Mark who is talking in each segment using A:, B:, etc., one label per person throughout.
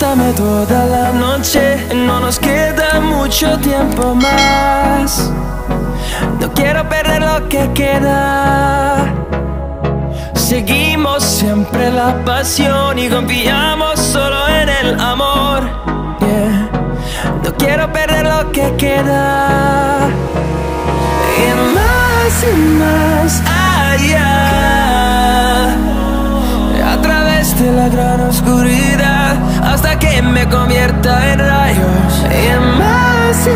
A: Dame toda la noche, no nos queda mucho tiempo más. No quiero perder lo que queda. Seguimos siempre la pasión y confiamos solo en el amor. No quiero perder lo que queda. Y más y más allá, ah, a través de la gran oscuridad hasta que me convierta en rayos y en más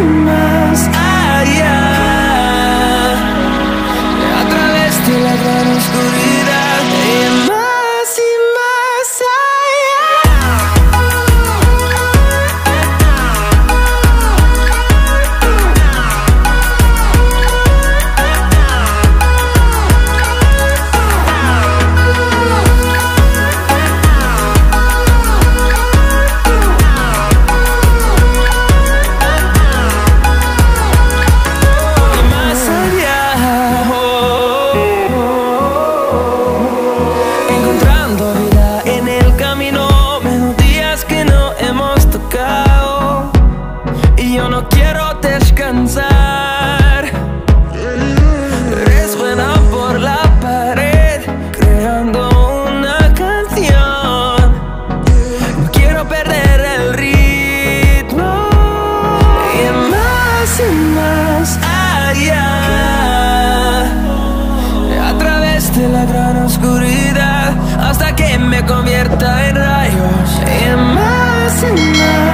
A: tonight